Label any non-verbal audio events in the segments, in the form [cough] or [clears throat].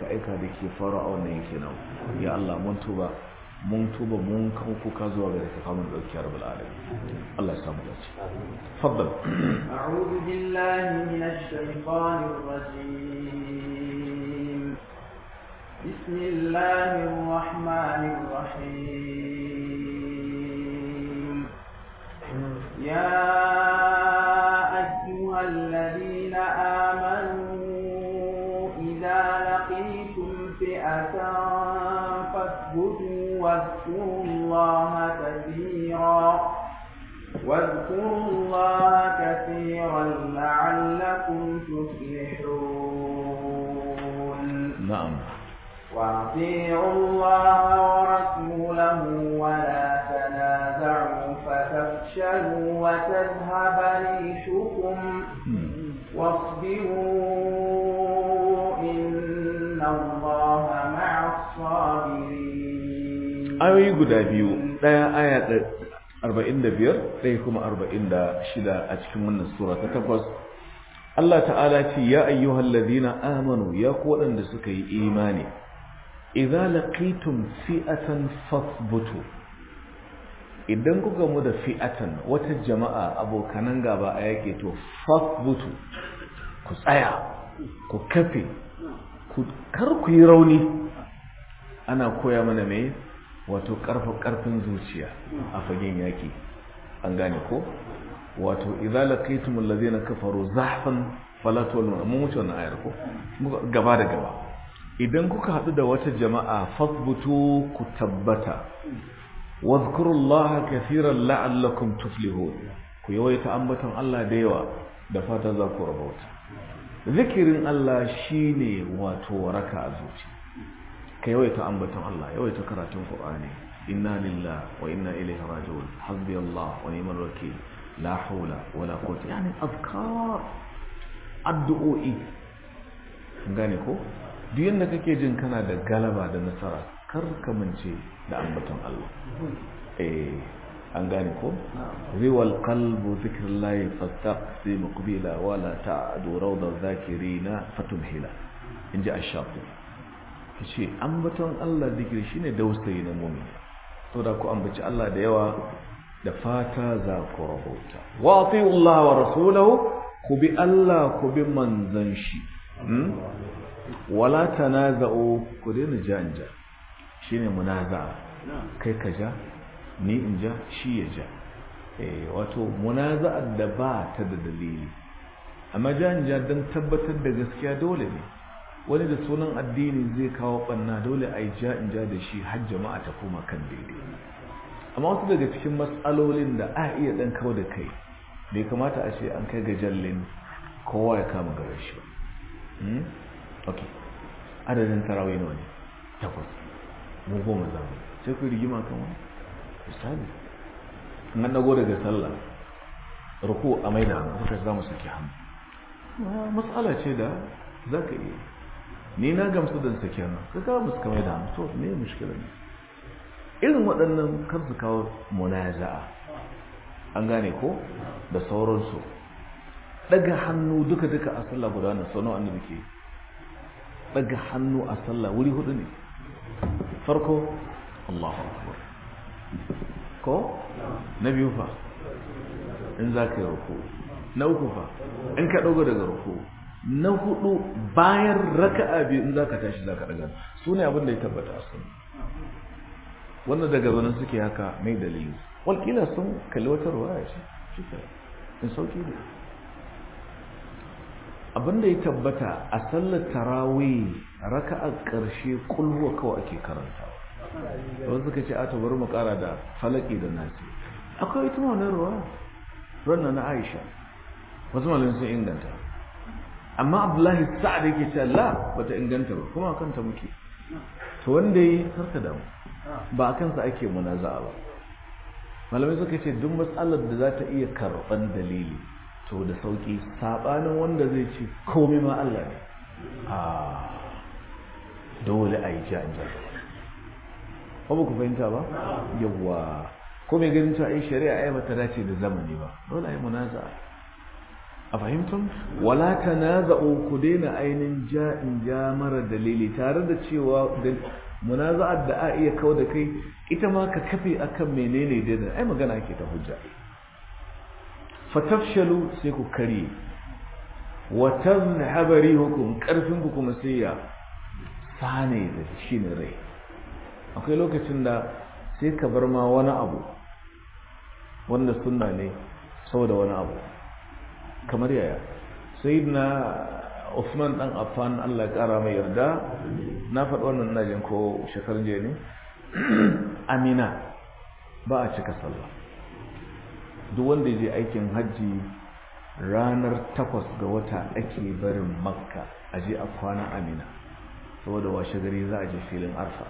aika-aika da ke fara a wannan yake nan ya Allah mun tuba mun tuba mun kan kuka zuwa ga ka kamun dauki ya rabbul alamin Allah ya samu dace faddal a'udhu billahi minash shaitanir rajim bismillahir rahmanir rahim ya واذكروا الله كثيرا لعلكم تفلحون نعم واطيعوا الله ورسوله ولا تنازعوا فتفشلوا وتذهب ريحكم واصبروا إن الله مع الصابرين أيوة قد أبيو لا آية arba'in da biyar ɗaya kuma arba'in da shida a cikin wannan sura ta takwas Allah ta'ala ce ya ayyuhal ladina amanu ya ku waɗanda suka yi imani idza laqitum fi'atan fasbutu idan ku gamu da fi'atan wata jama'a abokanan gaba a yake to fasbutu ku tsaya ku kafe ku kar ku yi rauni ana koya mana me wato karfa karfin zuciya a fagen yaki an gane ko wato idza laqaytum allazina kafaru zahfan fala tawallu mun wuce wannan ayar ko gaba da gaba idan kuka hadu da wata jama'a fasbutu ku tabbata wadhkurullaha kaseeran la'allakum tuflihu ku yawaita ambaton Allah da yawa da fata za ku rabauta zikirin Allah shine wato waraka a zuciya ka yawaita ambaton Allah yawaita karatun Qur'ani inna lillahi wa inna ilaihi raji'un hasbi Allah wa ni'mal wakeel la hawla wala quwwata yani azkar addu'o'i gane ko duk yanda kake jin kana da galaba da nasara kar ka mance da ambaton Allah eh an gane ko riwal qalbu zikrullahi fastaqsi muqbila wala ta'du rawda zakirina fatumhila inji ash-shafi'i ya ce baton Allah zikiri shi ne dausayi na mummi sau da ku ambaci Allah da yawa da fata za ku rahota wa Allah wa rasulahu ku bi Allah ku bi manzan shi hmm? wala za'o ku daina janja muna za'a kai ka ja ni in ja shi ya ja eh wato za'a da ba ta da dalili amma janja don tabbatar da gaskiya dole ne wani da sunan addini zai kawo ɓanna dole a yi ja in ja da shi har jama'a ta koma kan daidai amma wasu daga cikin matsalolin da a iya ɗan kawo da kai bai kamata a ce an kai ga jallin kowa ya kama gare shi ba hmm? ok adadin tarawai nawa ne takwas mu goma za mu sai ku rigima kan wani misali an dago daga sallah ruku a maida hannu kuka za mu saki hannu matsala ce da za ka iya ni na gamsu da ke nan ka kawo musu kamar da to me mushkila ne irin waɗannan kan su kawo munaza'a an gane ko da sauransu daga hannu duka duka a sallah guda na sanu annabi ke daga hannu a sallah wuri hudu ne farko Allahu akbar ko na biyu fa in za ka yi ruku na uku fa in ka dogo daga ruku na hudu bayan raka'a biyu in zaka tashi zaka daga su ne abin da ya tabbata a sunna wannan daga zanen suke haka mai dalili walƙila sun kalli wata ruwaya ce shika in sauki ne abin da ya tabbata a sallar tarawe raka'a ƙarshe kulwa kawai ake karantawa wasu suka ce a bari mu kara da falaki da nasi akwai ita wani ruwa ranna na aisha wasu malin sun inganta amma abdullahi sa'ad yake ce Allah bata inganta ba kuma kanta muke to wanda yi karka damu ba a kansa ake munaza'a ba malamai suka ce duk matsalar da za ta iya karɓan dalili to da sauƙi saɓanin wanda zai ce komai ma Allah ne a dole a yi ja'in ba ba ku fahimta ba yawwa ko mai ganin cewa yi shari'a ai bata dace da zamani ba dole a yi munaza'a a fahimtun wala ta na za'o ku daina ainihin in ja mara dalili tare da cewa munaza'ar da a iya kawo da kai ita ma ka kafe akan menene daidai ai magana ke ta hujja fatafshalu sai ku kare wa habari rihukum karfin ku kuma sai ya sane da shi ne rai akwai lokacin da sai ka bar ma wani abu wanda sunna ne saboda wani abu kamar yaya na Usman dan afan Allah ya kara mai yarda na faɗi wannan na jin ko shekarun jiya ne [clears throat] Amina ba a cika sallah duk wanda je aikin hajji ranar takwas ga wata ake barin makka a je a kwana amina saboda washe gari za a je filin arfa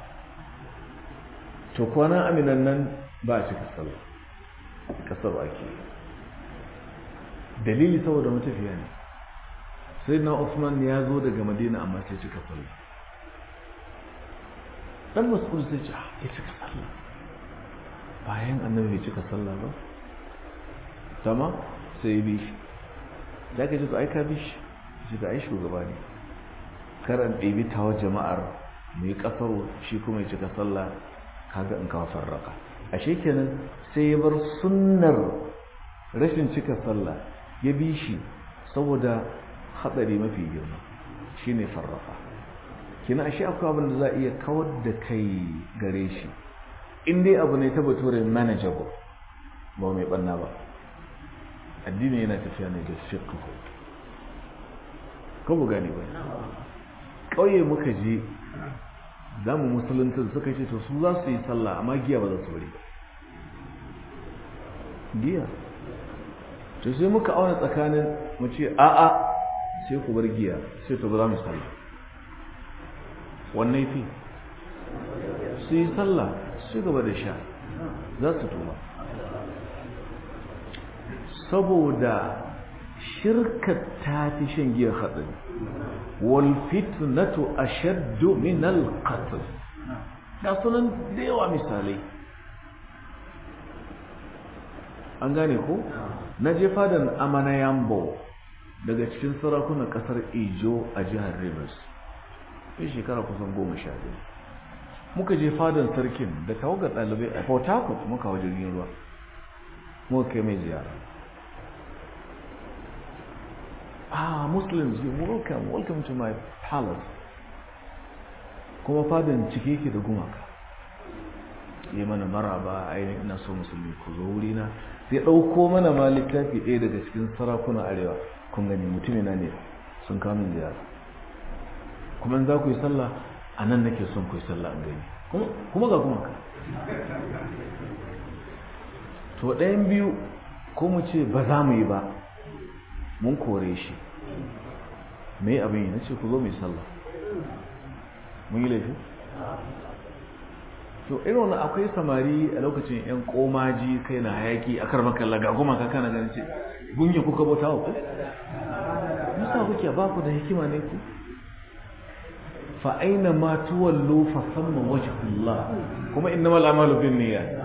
to kwana aminan nan ba a cika sallah kasar ake dalili saboda matafiya ne sai na Usman ya zo daga Madina amma sai cika sallah dan Mas'ud sai ce ah, ya cika sallah bayan annabi ya cika sallah ba Tama sai bi da ka ji to ai ka bi shi ji da ai shugaba ne karan ta wa jama'ar mu yi kasaro shi kuma ya cika sallah kaga in kawo farraka ashe kenan sai ya bar sunnar rashin cika sallah ya bi shi saboda hatsari mafi girma shine sarrafa kina shi akwai abin da za a iya kawar da kai gare shi in dai abu ne ta bature manageable ba mai banna ba addini yana tafiya ne da fiqh ko bu gane ba kauye muka je za mu musulunta suka ce to su za su yi sallah amma giya ba za su bari ba giya to sai muka auna tsakanin mu ce a'a sai ku bar giya sai to ba za mu sallah wannan fi su yi sallah su gaba da sha za su tuba saboda shirka ta fi shan giya haɗari wal fitnatu ashaddu min al qatl da sunan da yawa misalai an gane ko na je fadan amana yambo daga cikin sarakunan kasar ijo a jihar rivers sai shekara kusan goma sha biyu muka je fadan sarkin da tawagar ɗalibai a port harcourt muka jirgin ruwa muka kai mai ziyara ah muslims you welcome welcome to my palace kuma fadan cike yake da gumaka yi mana maraba ainihin ina so musulmi ku zo wurina sai ɗauko mana ma littafi ɗaya daga cikin sarakuna arewa kun gani mutum na ne sun kamun da yara kuma za ku yi sallah a nan nake son ku yi sallah an gani kuma ga kuma ka to ɗayan biyu ko mu ce ba za mu yi ba mun kore shi me abin yi na ce ku zo mu yi sallah mun yi laifi to irin wani akwai samari a lokacin yan komaji kai na hayaki a kar kalla ga goma ka kana ganin ce gunye kuka bauta wa ku musa kuke ba ku da hikima ne ku fa aina ma tuwallu fa samma wajhullah kuma innamal a'malu binniyat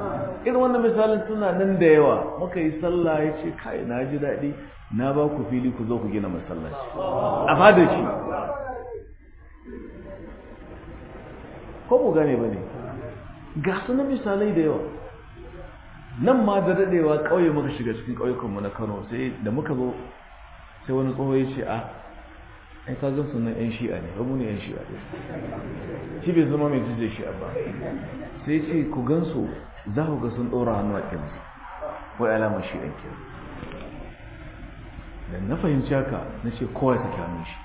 irin wannan misalin suna nan da yawa muka yi sallah yace kai na ji daɗi. na ba ku fili ku zo ku gina masallaci a fadar shi ko mu gane ne? ga su na misalai da yawa nan ma da daɗewa ƙauye muka shiga cikin ƙauyukanmu na kano sai da muka zo sai wani tsoho ya ce a ah, ai ka zan sunan yan shi'a ne babu ne yan shi'a ne shi bai zama mai jijiyar shi'a ba sai ce ku gansu za ku ga sun ɗora hannu a kirji wai alamar shi'a kirji da na fahimci haka na ce kowa ta kyamun shi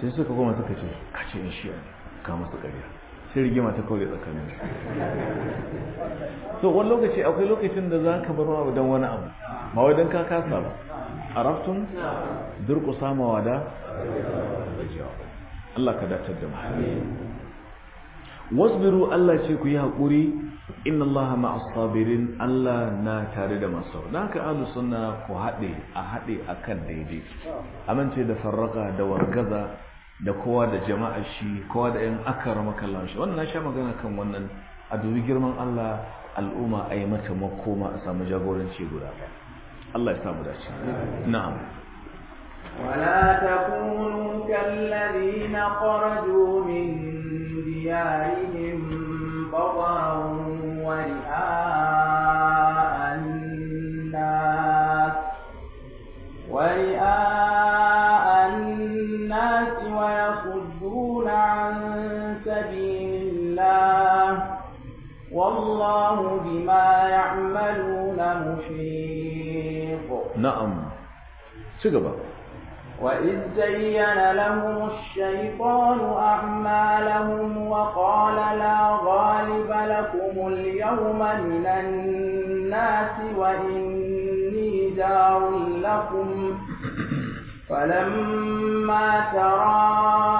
sai suka goma suka ce kace yan shi'a ne ka masa ƙarya sai rigima ta kawai tsakanin so wani lokaci akwai lokacin da za ka bar wa don wani abu ma wai don ka kasa ba a raftun durƙusa samawa da Allah ka datar da Wasu wasbiru Allah ce ku yi haƙuri inna Allah ma'as sabirin Allah na tare da masu da ka alu suna ku haɗe a haɗe a kan daidai amince da farraka da wargaza da kowa da jama'a shi kowa da yan aka rama kallon shi wannan sha magana kan wannan a dubi girman Allah al'umma a yi mata makoma a samu jagoranci guda Allah ya samu dace na'am ولا تكونوا كالذين خرجوا من ديارهم ci gaba وإذ زين لهم الشيطان أعمالهم وقال لا غالب لكم اليوم من الناس وإني جار لكم فلما تراه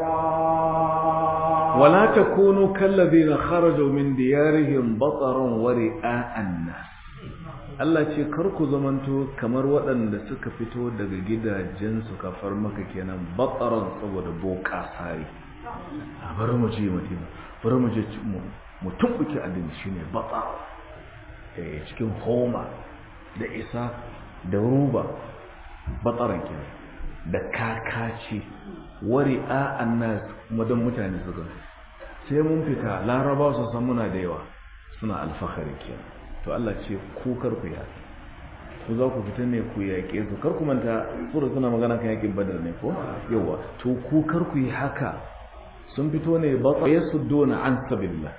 ولا تكونوا كالذين خرجوا من ديارهم بطرا ورئاء الناس Allah ce kar ku zamanto kamar waɗanda suka fito daga gidajensu kafar maka kenan batsaran saboda boka sari a bari mu je mu je mu tumbuke addini shine batsa cikin homa da isa da ruba batsaran kenan da kakaci wari a annas kuma mutane su gani sai mun fita laraba su san muna da yawa suna alfahari kenan to Allah ce ku karku ya ku za ku fita ne ku yaƙe su kar manta sura suna magana kan yaƙin badar ne ko yawa to ku karku yi haka sun fito ne ba ya dona an sabilla?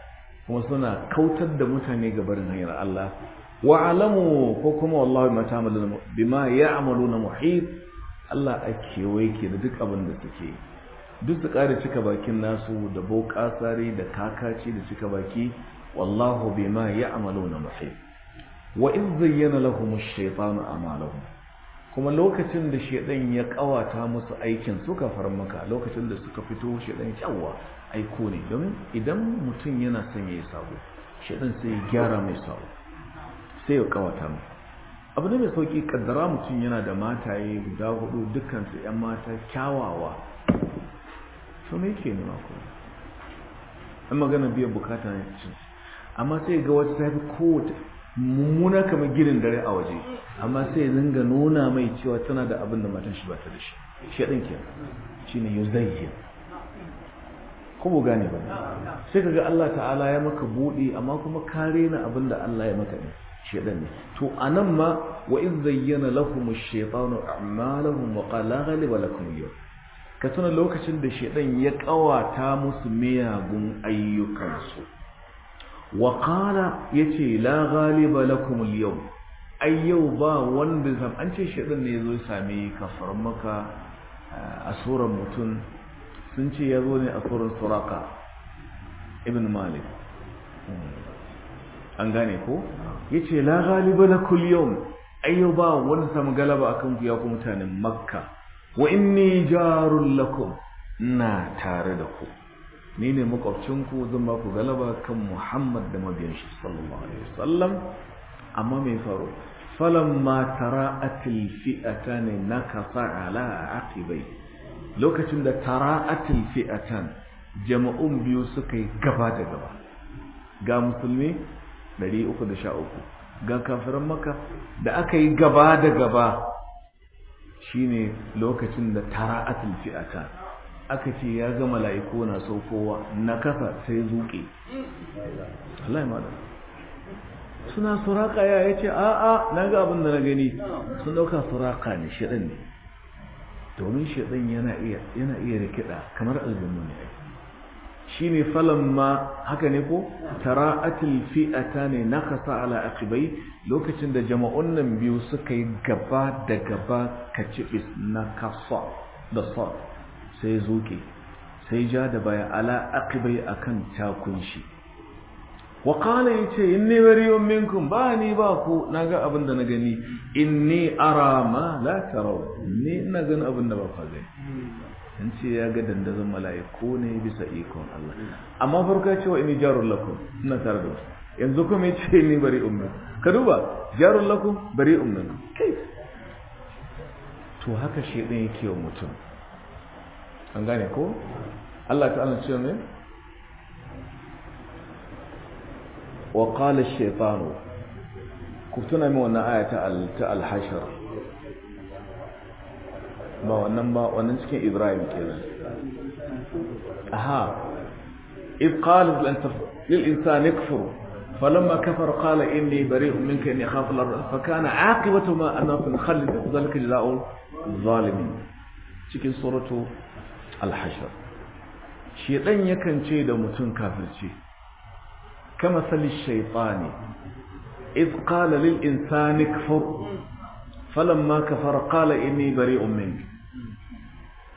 kuma suna kautar da mutane ga barin hanyar Allah wa alamu ko kuma wallahi ma bima ya'maluna muhit Allah a kewaye ke da duk abin da suke duk su ƙara cika bakin nasu da boƙasari da kakaci da cika baki wallahu bima na muhit wa in zayyana lahum ash a a'malahum kuma lokacin da shedan ya kawata musu aikin suka farmaka maka lokacin da suka fito shedan kyawa aiko ne domin idan mutum yana son ya yi sabo sai ya gyara mai sabo sai ya kawata mai abu ne mai sauki kaddara mutum yana da mataye guda hudu dukansu 'yan mata kyawawa su ne ke nuna kuma an magana biyan bukata ne cin amma sai ga wata ta fi kowace mummuna kamar girin dare a waje amma sai zinga nuna mai cewa tana da abin da matan shi ba ta da shi shi ɗin ke shi ne yuzayya ko mu gane ba sai ka ga Allah ta'ala ya maka buɗe amma kuma kare na abin da Allah ya maka ne To to nan ma wa idh zayyana lahum ash a'malahum wa qala ghaliba lakum yawm ka tuna lokacin da shedan ya kawata musu miyagun ayyukansu wa qala yace la ghaliba lakum al ai yau ba wanda zan an ce shedan ne yazo same ka farmaka a surar mutum sun ce yazo ne a surar suraka ibn malik an gane ko yace la galiba lakum a ayyo ba wani samu galaba akan ku ya ku mutanen makka wa inni jarul lakum ina tare da ku ni ne makwabcin ku zan ba ku galaba kan Muhammad da mabiyan shi sallallahu alaihi wasallam amma me faru ta ne fi'atan nakasa ala aqibai lokacin da tara tara'atil fi'atan jama'un biyu suka yi gaba da gaba ga musulmi 313 ga kafiran maka da aka yi gaba da gaba shine lokacin da tara a fi'ata aka ce ya ga mala'iku na saukowa na kafa sai zuke suna suraka ya yace a a na ga abin da na gani sun dauka suraka ne shedan ne domin shedan yana iya yana iya rikida kamar aljihun ne shine falamma haka ne ko tara'atil fi'atani nakasa ala aqibai lokacin da jama'un nan biyu suka yi gaba da gaba kacibis nakasa da sa sai zuke sai ja da baya ala aqibai akan takun shi wa qala yace inni bariyun minkum ba ni ba ku naga abin da na gani inni ara ma la taraw ni ina ganin abin da ba ku gani sun ce ya ga dandazon mala'iku ne bisa ikon Allah amma farko ya ce wa ini jarun lakum ina tare da wasu yanzu kuma ya ce ni bari ummin ka duba jarun lakum bari ummin kai to haka shi ɗin yake wa mutum an gane ko Allah ta'ala ce ne wa qala ash-shaytanu ku tuna min wannan aya ta al-hashr ba wannan ba wannan cikin ibrahim ke nan aha id qala lil insani kfur falamma kafar qala inni bari'un minka inni akhafu al rabb fa kana aqibatu ma anna fi khalid dhalika jazaa'u zalimin cikin suratu al hashr shedan yakan ce da mutum kafirce kama sali shaytani id qala lil insani kfur falamma kafara qala bari bari'un Me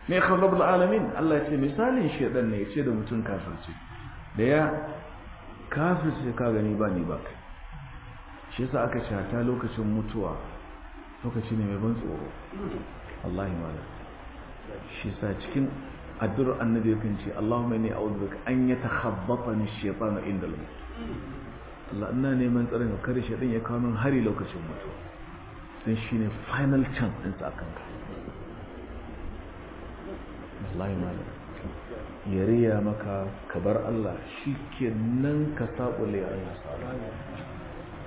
ne rabbul alamin Allah ya ce misalin shaidan ne ya ce da mutum kafirce da ya kafirce ka gani ba ni ba kai shi yasa aka ce ta lokacin mutuwa lokaci ne mai ban tsoro wallahi malam shi yasa cikin addu'ar annabi yakan ce Allahumma inni a'udhu bika an yatakhabbatani ash-shaytanu inda al-maut Allah ina neman tsarin kare shedan ya kawo min hari lokacin mutuwa don shi ne final chance ɗinsa tsakan ka, wallahi malam ya riya maka ka bar Allah shi ke nan ka saƙule Allah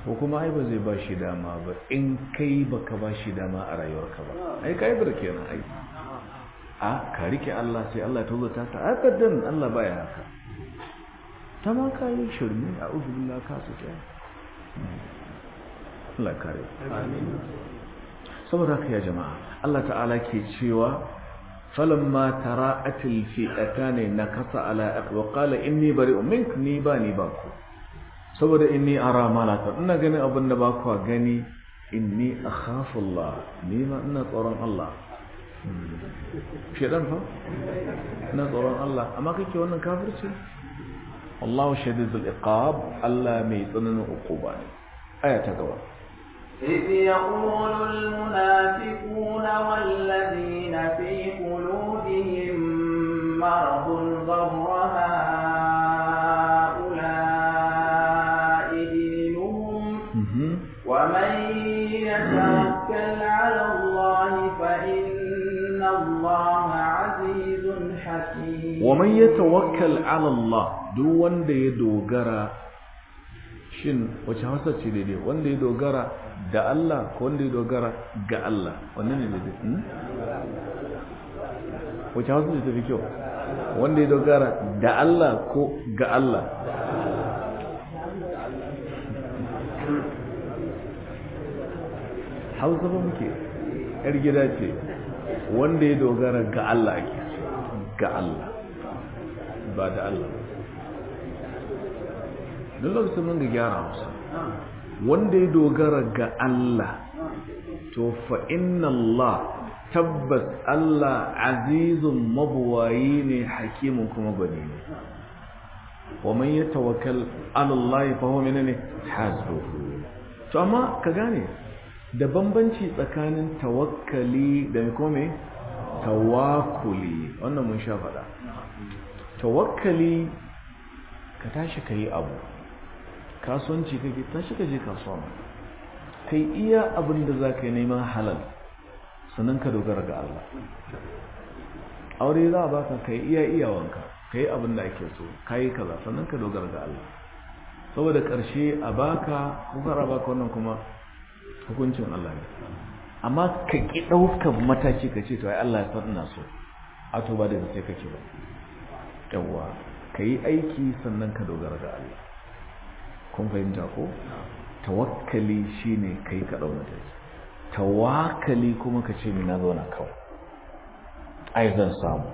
ko kuma ai ba zai ba shi dama ba in kai ba ka ba shi dama a rayuwarka ba ai ka yi birke na ai a ka rike Allah sai Allah ya tozo ta akadin Allah baya haka ta ma ka yi shirme a ka su ta Allah kare saboda haka ya jama'a Allah ta'ala ke cewa falamma tara'atil fi'atani nakasa ala aqwa qala inni bari'un mink ni ba ni ba ku saboda in inni ara malaka ina ganin abin da ba ku gani in inni a Allah ni ma ina tsoron Allah shedan fa ina tsoron Allah amma kake wannan kafirci Allah shadidul iqab Allah mai tsananin uquba ne aya ta gaba إذ يقول المنافقون والذين في قلوبهم مرض ظهر هؤلاء دينهم ومن يتوكل على الله فإن الله عزيز حكيم ومن يتوكل على الله دون ديدو shin wace hausa ce daidai wanda ya dogara da Allah ko wanda ya dogara ga Allah wannan ne daidai hmm? wace hausa ce fi kyau wanda ya dogara da Allah ko ga Allah hausa ba muke yar gida ce wanda ya dogara ga Allah ga Allah ba da Allah don sun mun ga gyara musu wanda ya dogara ga Allah to fa inna Allah tabbas Allah azizun mabuwayi ne hakimin kuma gwani ne wa man yatawakkal ala Allah fa huwa minni hasbuhu to amma ka gane da bambanci tsakanin tawakkali da kome tawakuli wannan mun sha faɗa tawakkali ka tashi ka abu kasuwanci kake tashi ka je kasuwa ma kai iya abin da za ka yi neman halal sannan ka dogara ga Allah aure za a baka kai iya iyawanka ka yi abin da ake so ka yi kaza sannan ka dogara ga Allah saboda ƙarshe a baka hukar a baka wannan kuma hukuncin Allah ne amma ka ƙi ɗaukar mataki ka ce to ai Allah ya ina so a to ba da sai kake ba yawwa ka yi aiki sannan ka dogara ga Allah kun fahimta ko tawakkali shine kai ka tawakali kuma ka ce na zauna kawo ai zan samu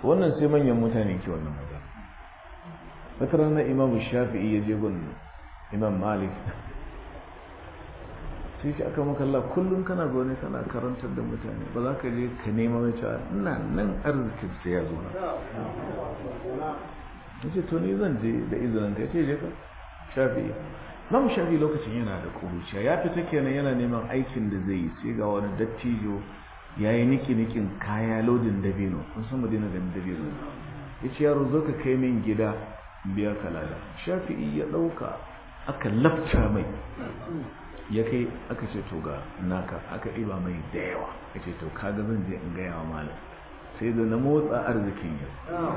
to wannan sai manyan mutane ke wannan magana wata rana imam shafi'i ya je gun imam malik sai shi aka maka Allah kullum kana zaune kana karantar da mutane ba za ka je ka nema mai cewa ina nan arzikin sai ya zo na ce to ni zan je da izinin ka ce je ka shafi'i nan shafi'i lokacin yana da kuruciya ya fita kenan yana neman aikin da zai yi sai ga wani dattijo ya yi niki-nikin kaya lodin dabino kun san madina da dabino ya ce yaro zo ka kai min gida biya kalada shafi'i ya ɗauka aka lafta mai ya kai aka ce to ga naka aka iba mai da yawa ya ce to kaga zan je in gaya wa malam sai da na motsa arzikin yau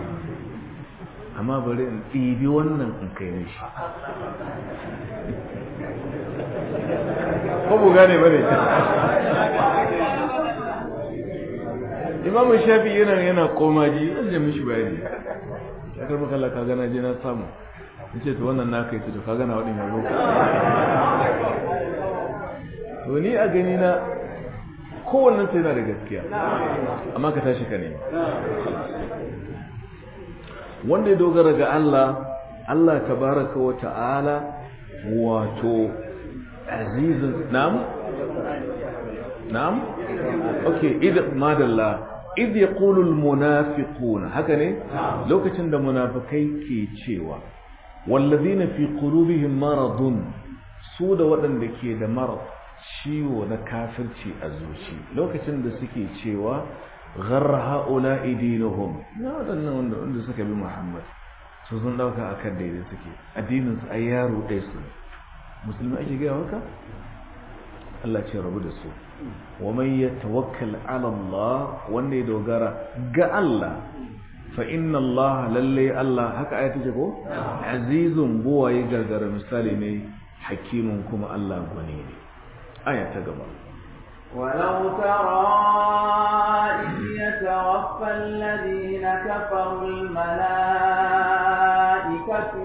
amma bari in ɗibi wannan in kai na shi ko gane ba ne imamu shafi yana yana koma ji yi je mishi bayani ya karbi kalla ka gana je na samu in ce to wannan na kai to ka gana waɗin yanzu to ni a gani na kowannen sai yana da gaskiya amma ka tashi ka nema wanda ya dogara ga Allah Allah baraka wa ta'ala wato azizun nam nam okay idan madalla ya yaqulu almunafiquna haka ne lokacin da munafikai ke cewa wallazina fi qulubihim maradun su da waɗanda ke da mara. ciwo na kafirci a zuci lokacin da suke cewa gharra haula idinuhum na wadannan wanda wanda suka bi Muhammad su sun dauka akan daidai suke addinin su ai yaro dai su musulmi ake ga haka Allah ce rabu da su wa man yatawakkal ala Allah wanda ya dogara ga Allah fa inna Allah lalle Allah haka ayatu ce ko azizun buwaye gargara misali ne hakimun kuma Allah gwani ne آية تقبل ولو ترى إذ يتوفى الذين كفروا الملائكة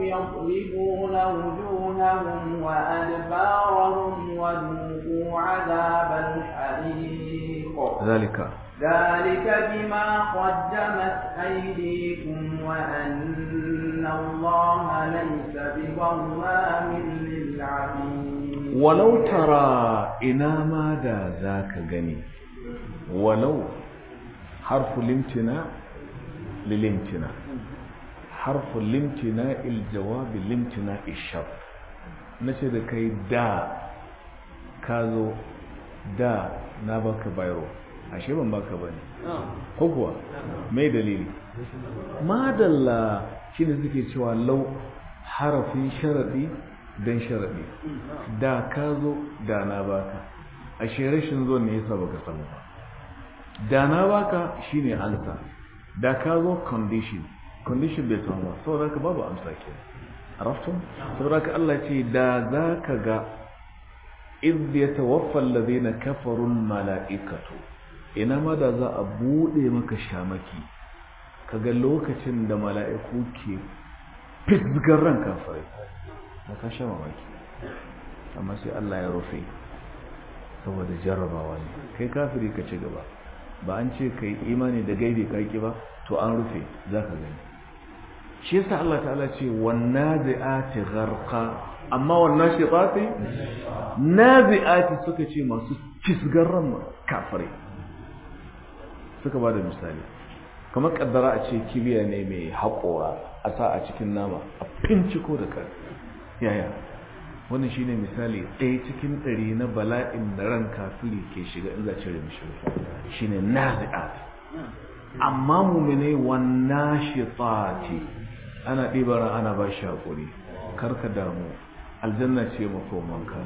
يضربون وجوههم وأدبارهم وذوقوا عذاب الحريق ذلك ذلك بما قدمت أيديكم وأن الله ليس بظلام للعبيد walau tara ina ma da za ka gani walau harfu limtina lilimtina harfu limtina iljawabi limtina ishar na ce da kai da ka zo da na baka bayro ashe ban baka bane ko kuwa mai dalili madalla shine suke cewa lau harafin sharadi don sharaɗi da ka zo da na baka a rashin zo ne yasa baka samu ba da na baka shine ansa da ka zo condition condition bai samu ba saboda ka babu amsa ke arafton saboda ka Allah ce da za ka ga idh yatawaffa alladhina kafaru mala'ikatu? ina ma da za a bude maka shamaki Ka ga lokacin da mala'iku ke fisgar ran kafirai da ka sha baki, amma sai Allah ya rufe saboda jarrabawa ne kai kafiri ka ci gaba ba an ce kai imani da gaibi ka ki ba to an rufe za ka gani shi yasa Allah ta'ala ce wannan zai'ati gharqa amma wannan shiqati nazi'ati suka ce masu ran kafirai suka ba da misali kamar kaddara a ce kibiya ne mai haƙora a sa a cikin nama a finciko da kai yaya wannan shine misali ɗaya cikin ɗari na bala'in da ran kafiri ke shiga in za cire mishi shine nazi'at amma mu mumine wannan shifati ana ɗibara ana ba shi haƙuri karka damu aljanna ce makomanka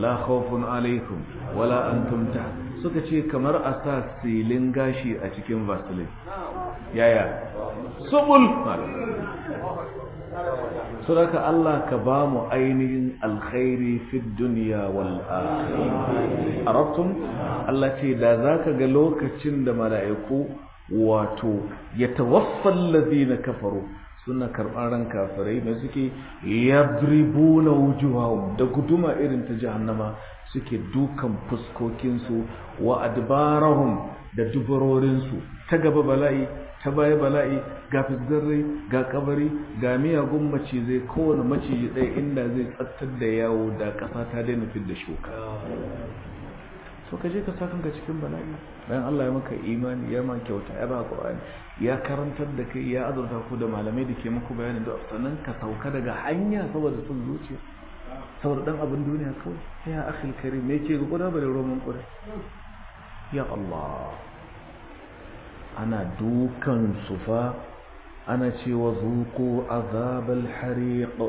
la khawfun alaikum wala antum ta suka ce kamar a sa silin gashi a cikin vaseline yaya subul suraka Allah ka ba mu ainihin alkhairi fi duniya wal akhirah arabtum Allah ce da zaka ga lokacin da mala'iku wato yatawaffal ladina kafaru suna karɓar ran kafirai mai suke yadribuna wujuhahum da guduma irin ta jahannama suke dukan fuskokinsu wa adbarahum da dubarorinsu ta gaba bala'i ta baya bala'i ga fitzarri ga kabari ga miya miyagun zai kowane maciji ɗaya inda zai tsattar da yawo da ƙasa ta daina fidda shuka so ka je ka sa ka cikin bala'i bayan Allah ya maka imani ya ma kyauta ya ba Qur'ani ya karantar da kai ya azurta ku da malamai da ke muku bayanin da sannan ka sauka daga hanya saboda sun zuciya saboda dan abin duniya kawai ya akhil karim me yake ga kuda bare roman kurai ya Allah ana dukan sufa ana cewa zuko azabal hariq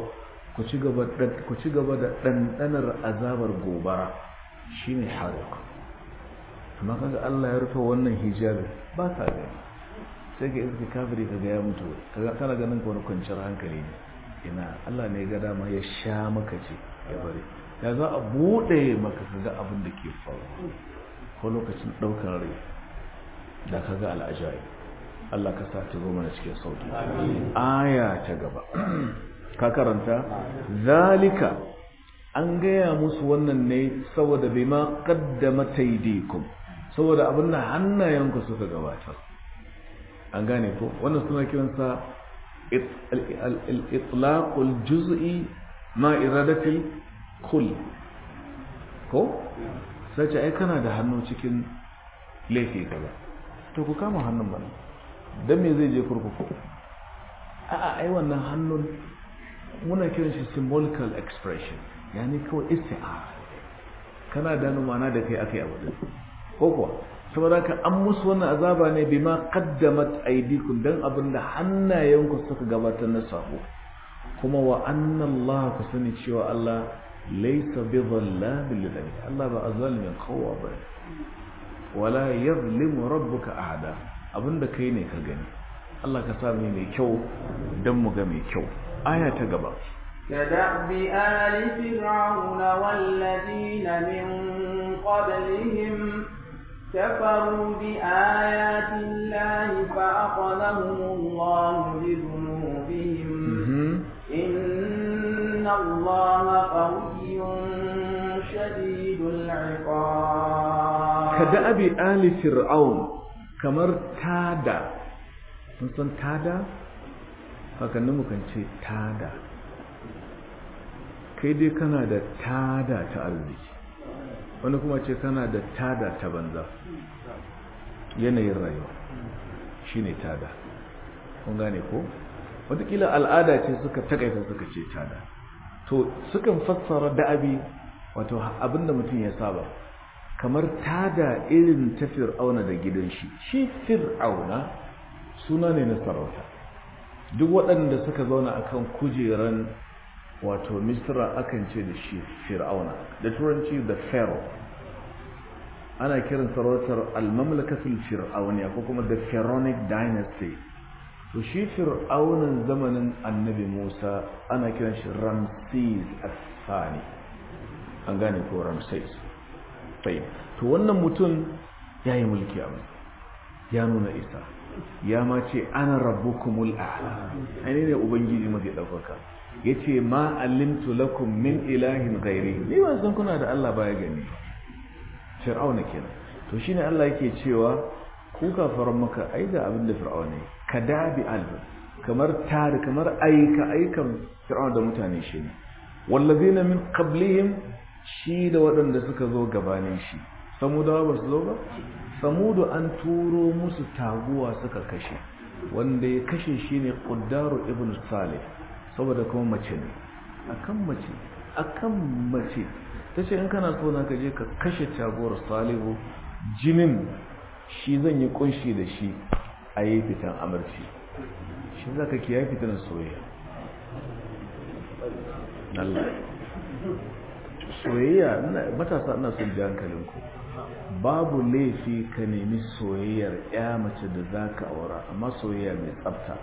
ku ci gaba da ku azabar gobara shine hariq amma kaga Allah ya rufe wannan hijabi ba ta ga sai ga iska kafiri kaga ya mutu kaga kana ganin ko kwanciyar hankali ne ina Allah ne ga dama ya sha maka ce ya bari ya za a buɗe maka kaga abin da ke faru ko lokacin daukar rai da ka ga al'ajayi Allah ka sa ta cikin sauki aya ta gaba ka karanta zalika an gaya musu wannan ne saboda bai ma kaddama taidikum saboda abin da hannayenku suka gabatar an gane ko wannan suna kiransa al-itlaqul juz'i ma iradatil ko Sace ai kana da hannu cikin laifi ba. to ku kama hannun bana don me zai je kurkuku a'a ai wannan hannun muna kiran shi symbolical expression yani kawai isti'ara kana da mana da kai yi abu ko kuwa saboda ka an musu wannan azaba ne bima qaddamat aydikum dan abinda hannayenku suka gabatar na sako kuma wa anna Allah ku sani cewa Allah laysa bi dhallabil lil Allah ba azalimin kowa ba wala yazlimu rabbuka ahada abinda kai ne ka gani Allah ka sa mai kyau dan mu ga mai kyau aya ta gaba kadabi ali fir'aun wal ladina min qablihim kafaru bi ayati llahi abi ali fir'aun kamar tada mun san tada haka nan ce tada kai dai kana da tada ta arziki wani kuma ce kana da tada ta banza yanayin rayuwa shine tada kun gane ko watakila al'ada ce suka takaita suka ce tada to sukan fassara da'abi wato abinda mutum ya saba kamar tada irin ta fir'auna da gidan shi shi fir'auna suna ne na sarauta duk waɗanda suka zauna a kan kujeran wato misra akan ce da shi fir'auna da turanci da pharaoh ana kiran sarautar al-mamlakatul Fir'auna. ko kuma the pharaonic dynasty to shi fir'aunan zamanin annabi musa ana kiran shi ramses as-thani an gane ko ramses tayyib to wannan mutum yayi mulki a ya nuna isa ya ma ce ana rabbukumul a'la ai ne ubangiji mafi daukaka yace ma alimtu lakum min ilahin ghairi ni ba san kuna da Allah baya gani fir'auna kenan to shine Allah yake cewa ku kafaran maka ai ga abin da fir'auna kadabi al kamar tare kamar aika aikan fir'auna da mutane shi ne wallazina min qablihim shi da waɗanda suka zo gabanin shi samudawa ba su zo ba samudu an turo musu taguwa suka kashe wanda ya kashe shi ne ƙuddaru ibn salih saboda kuma mace ne akan mace akan mace ta ce in kana so na ka je ka kashe taguwar salihu jinin shi zan yi kunshi da shi a yi fitan amarci shi za ka kiyaye fitan soyayya soyayya matasa ina son ji hankalinku babu laifi ka nemi soyayyar ya mace da za ka aura amma soyayya mai tsafta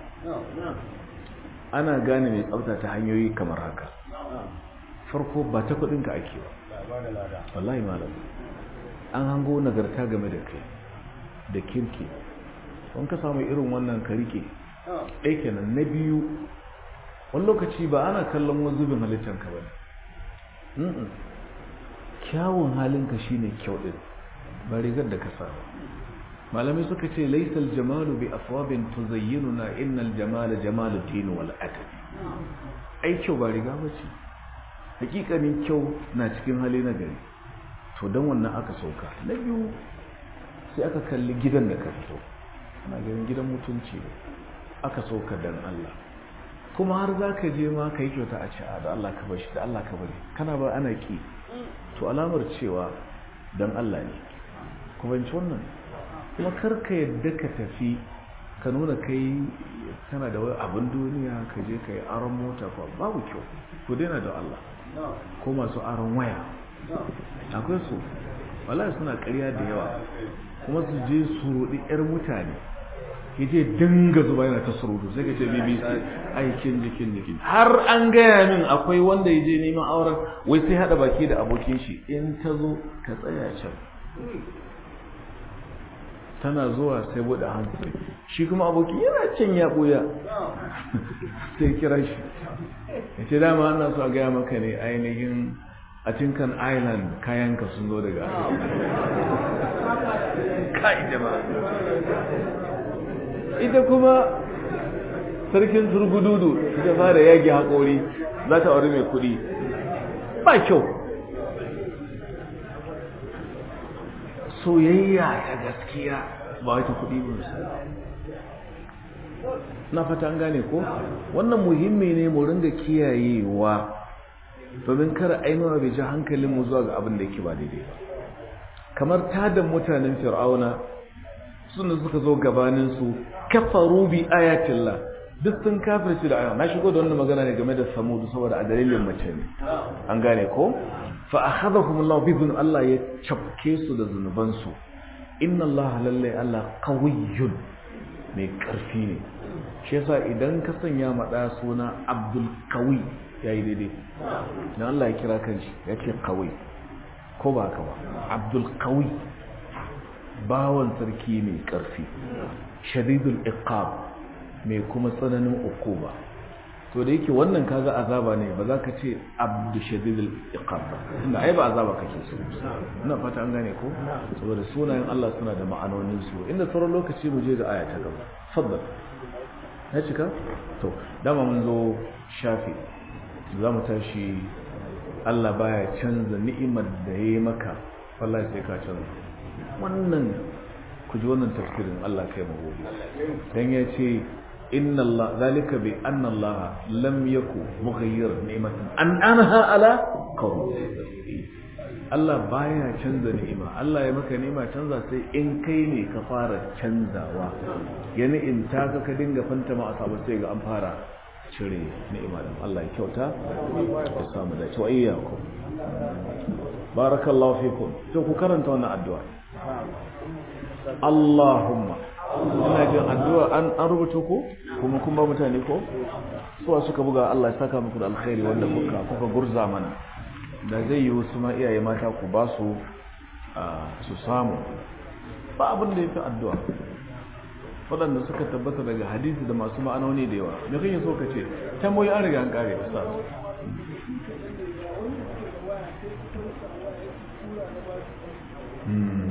ana gane mai tsafta ta hanyoyi kamar haka farko ba ta kudinka ake ba wallahi malam an hango nagarta game da kai da kirki wani ka samu irin wannan karike ɗaya kenan na biyu wani lokaci ba ana kallon wani zubin halittanka ba ne kyawun halinka shi ne kyau ɗin ba rigar da ka sawa malamai suka ce laisal jamalu bi afwabin na innal jamala jamalu din wal adab ai kyau ba riga ba ce hakikanin kyau na cikin hali na gari to don wannan aka sauka na biyu sai aka kalli gidan da ka fito ana ganin gidan mutunci aka sauka dan Allah kuma har za ka je ma ka yi kyauta a ci'a da Allah ka bashi da Allah ka bari kana ba ana ki to alamar cewa don Allah ne ku banci wannan kuma kar ka yadda ka tafi ka nuna kai kana da wani abin duniya ka je ka yi aron mota ko babu kyau ku daina da Allah ko masu aron waya akwai su wala suna karya da yawa kuma su je su roɗi 'yar mutane ya je dinga zuba yana ta surutu sai ka ce bbc aikin jikin jikin har an gaya min akwai wanda ya je neman auren wai sai haɗa baki da abokin shi in ta zo ka tsaya can tana zuwa sai buɗe hansu shi kuma abokin yana can ya ɓuya [laughs] sai kira shi ya ce dama ana so a gaya maka ne ainihin a cinkan island kayanka sun zo daga [laughs] kai ita kuma sarkin surgududu ta fara yage haƙori za ta auri mai kuɗi ba kyau soyayya ta gaskiya ba wata kuɗi ba na fata an gane ko wannan muhimmi ne mu ringa kiyayewa domin kara ainihin bai hankalinmu zuwa ga abin da yake ba daidai ba kamar tadan mutanen fir'auna sunan suka zo gabaninsu kafaru bi ayatillah duk sun kafirci da ayyana na shigo da wannan magana ne game da samudu saboda a dalilin mace ne an gane ko fa akhadhahum Allah bi dhun Allah ya cafke su da zunubansu inna Allah lalle Allah qawiyyun mai karfi ne shi yasa idan ka sanya mada suna Abdul Qawi yayi daidai dan Allah ya kira kanshi yace Qawi ko ba ka ba Abdul Qawi bawan sarki mai ƙarfi shadidul iqab mai kuma tsananin ukuba to da yake wannan kaga azaba ne ba za ka ce abdu shadidul iqab ba inda ai ba azaba kake so ina fata an gane ko saboda sunayen Allah suna da ma'anonin su inda sauran lokaci mu je ga aya ta gaba faddal ya cika to dama mun zo shafi za mu tashi Allah baya canza ni'imar da ya yi maka wallahi sai ka canza wannan ku ji wannan tafsirin Allah kai mu gobe dan ya ce inna Allah zalika bi anna Allah lam yaku mughayyir ni'matan an anha ala qawm Allah baya canza ni'ima Allah ya maka ni'ima canza sai in kai ne ka fara canzawa yani in ta ka dinga fanta a asabu sai ga an fara cire ni'ima din Allah ya kyauta ya samu da tawayyakum barakallahu fikum to ku karanta wannan addu'a Allahumma muna jin addu'a an an rubuta ko kuma kuma mutane ko suwa suka buga Allah ya saka muku da alkhairi wanda kuka kuka gurza mana da zai yi wasu ma iyaye mata ku ba su su samu ba abin da ya addu'a waɗanda suka tabbata daga hadisi da masu ma'anoni da yawa me yi so ka ce tamboyi an riga an kare ustaz Hmm.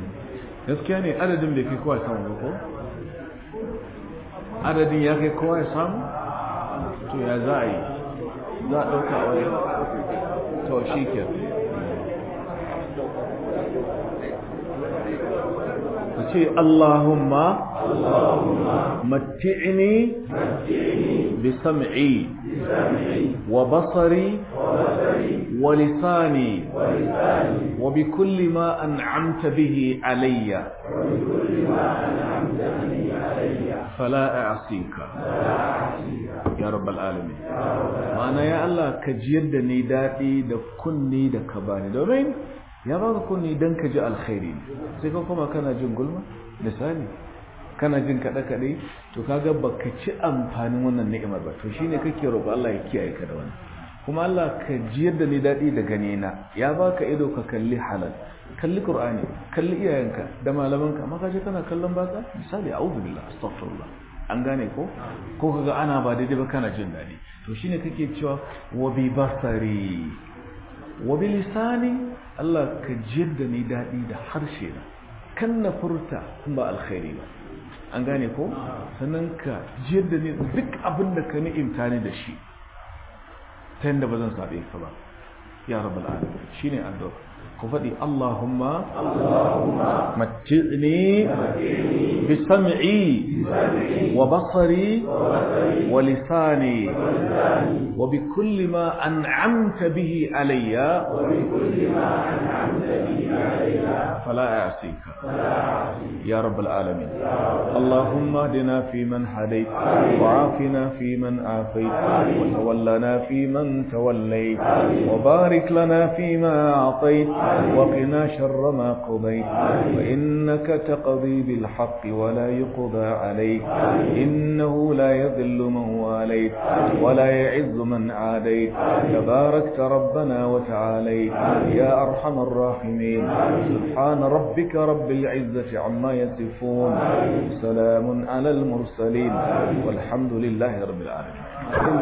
gaskiya ne adadin bai fi kowa samu ba ko adadin ya kai kowa ya samu to ya za a yi za a ɗauka a wani to shi ke ce allahumma matti'ini bi sam'i wa basari ولساني وبكل ما أنعمت به علي فلا أعصيك يا رب العالمين ma'ana ya Allah ka jiyar da ni daɗi da kunni da ka bani domin ya ba kunni don ka ji alkhairi sai ka kuma kana jin gulma misali kana jin kaɗai kaɗe to kaga baka ci amfanin wannan ni'imar ba to shine kake roƙo Allah ya kiyaye da wannan kuma Allah ka jiyar da ni daɗi da gane na ya baka ido ka kalli halal kalli qur'ani kalli iyayenka da malamanka amma ce kana kallon baka misali a'udhu billahi astaghfirullah an gane ko ko kaga ana ba daidai ba kana jin daɗi to shine kake cewa wa bi basari wa bi lisani Allah ka jiyar da ni daɗi da harshe na kan na furta ba alkhairi ba an gane ko sannan ka jiyar da ni duk abin da ka ni'imta ni da shi ta yadda ba zan saɓe ka ba ya al'adu shi ne addu'a ku faɗi Allahumma matti'ni bi sam'i wa basari wa lisani wa bi kulli ma an'amta bihi alayya fala a'sika ya rabbal alamin Allahumma hdina fi man hadayt wa afina fi man afayt wa tawallana fi man tawallayt wa barik lana fi ma a'tayt وقنا شر ما قضيت وإنك تقضي بالحق ولا يقضى عليك إنه لا يذل من واليت ولا يعز من عاديت تباركت ربنا وتعاليت يا أرحم الراحمين سبحان ربك رب العزة عما يصفون سلام على المرسلين والحمد لله رب العالمين